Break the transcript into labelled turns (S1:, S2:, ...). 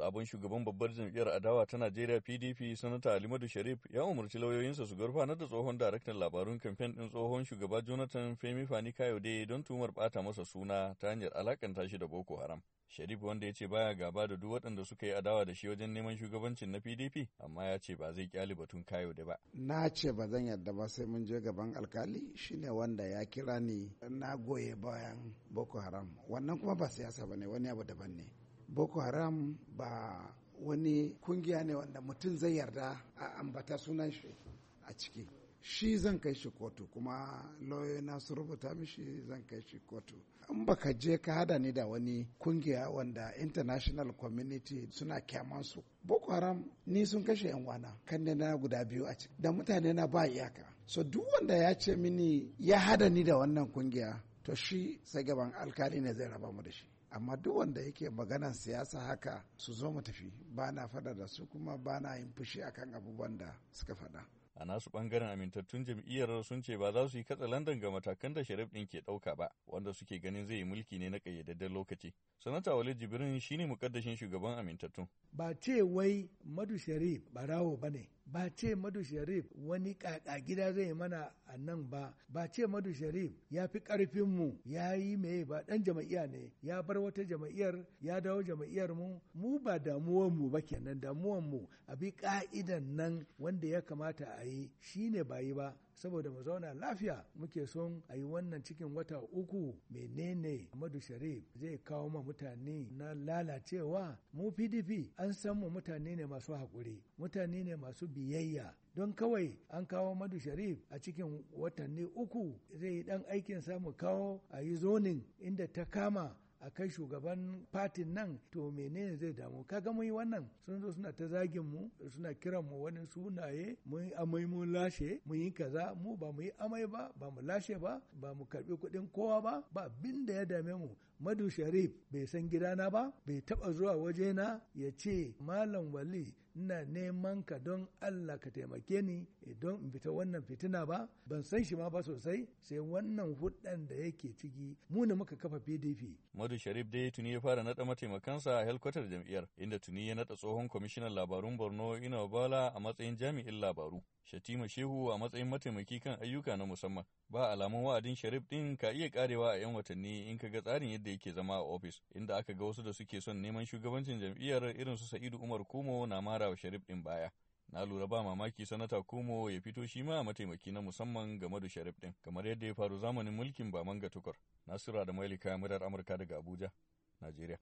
S1: Sabon shugaban babbar jam'iyyar adawa ta Najeriya PDP Sanata Alimadu Sharif ya umarci lauyoyinsa su gurfanar da tsohon daraktan labarun kamfen din tsohon shugaba Jonathan Femi Fani Kayode don tumar bata masa suna ta hanyar alakanta shi da Boko Haram. Sharif wanda ya ce baya gaba da duk waɗanda suka yi adawa da shi wajen neman shugabancin na PDP amma ya ce ba zai kyale batun kayo ba. Na
S2: ce ba zan yarda ba sai mun je gaban alkali shine wanda ya kira ni na goye bayan Boko Haram wannan kuma ba siyasa bane wani abu daban ne. boko haram ba wani kungiya ne wanda mutum zai yarda a ambata sunan shi a ciki shi zan kai shi kotu kuma lauyoyi su rubuta mishi zan kai shi kotu in baka je ka hada ni da wani kungiya wanda international community suna kyaman su boko haram ni sun kashe yan wana kan na guda biyu a ciki da mutane na ba iyaka so duk wanda ya ce mini ya hada ni da wannan kungiya to shi sai gaban alkali ne zai raba mu da shi amma duk wanda yake maganar siyasa haka su zo mu tafi ba na fada da su kuma ba na yin fushi a kan abubuwan da suka faɗa.
S1: a nasu bangaren amintattun jam'iyyar sun ce ba za su yi katsalandan ga matakan da sharif ɗin ke ɗauka ba wanda suke ganin zai yi mulki ne na ƙayyadadden lokaci sanata wale jibrin shine mukaddashin shugaban amintattun
S3: ba ce wai madu sharif barawo bane. ba ce madu sharif wani kaka gida zai mana a nan ba ba ce madu sharif ya fi karfinmu ya yi mai ba dan jama'iya ne ya bar wata jama'iyar ya dawo jama'iyar mu mu ba damuwanmu ba kenan damuwanmu a bi ka'idan nan wanda ya kamata a yi shine ba yi ba saboda mu zauna lafiya muke son a yi wannan cikin wata uku menene Ahmadu Sharif zai kawo ma mutane na lalacewa mu PDP an san mu mutane ne masu haƙuri mutane ne masu biyayya don kawai an kawo madu sharif a cikin watanni uku zai yi ɗan aikin samu kawo a yi zonin inda ta kama a kai shugaban fatin nan to menene zai damu kaga mun yi wannan sun zo suna ta zagin mu suna kiran mu wani sunaye mun amai mun lashe mun yi kaza mu ba mu yi amai ba ba mu lashe ba ba mu karbi kuɗin kowa ba ba bin da ya dame mu madu sharif bai san gidana ba bai taba zuwa waje na ya ce malam wali ina neman ka don Allah ka taimake ni don in fita wannan fitina ba ban san shi ma ba sosai sai wannan hudan da yake ciki mu ne muka kafa PDP
S1: Madu Sharif dai tuni ya fara nada mataimakansa a helkwatar jam'iyyar inda tuni ya nada tsohon kwamishinan labarun Borno Ina Bala a matsayin jami'in labaru Shatima Shehu a matsayin mataimaki kan ayyuka na musamman ba alamun wa'adin Sharif din ka iya karewa a 'yan watanni in ka ga tsarin yadda yake zama a ofis inda aka ga wasu da suke son neman shugabancin jam'iyyar irin su Sa'idu Umar Kumo na mara mara wa sharif ɗin baya. na lura ba mamaki sanata kumo ya fito shi ma mataimaki na musamman game da sharif din kamar yadda ya faru zamanin mulkin baman ga tukur nasira da mailika murar amurka daga abuja najeriya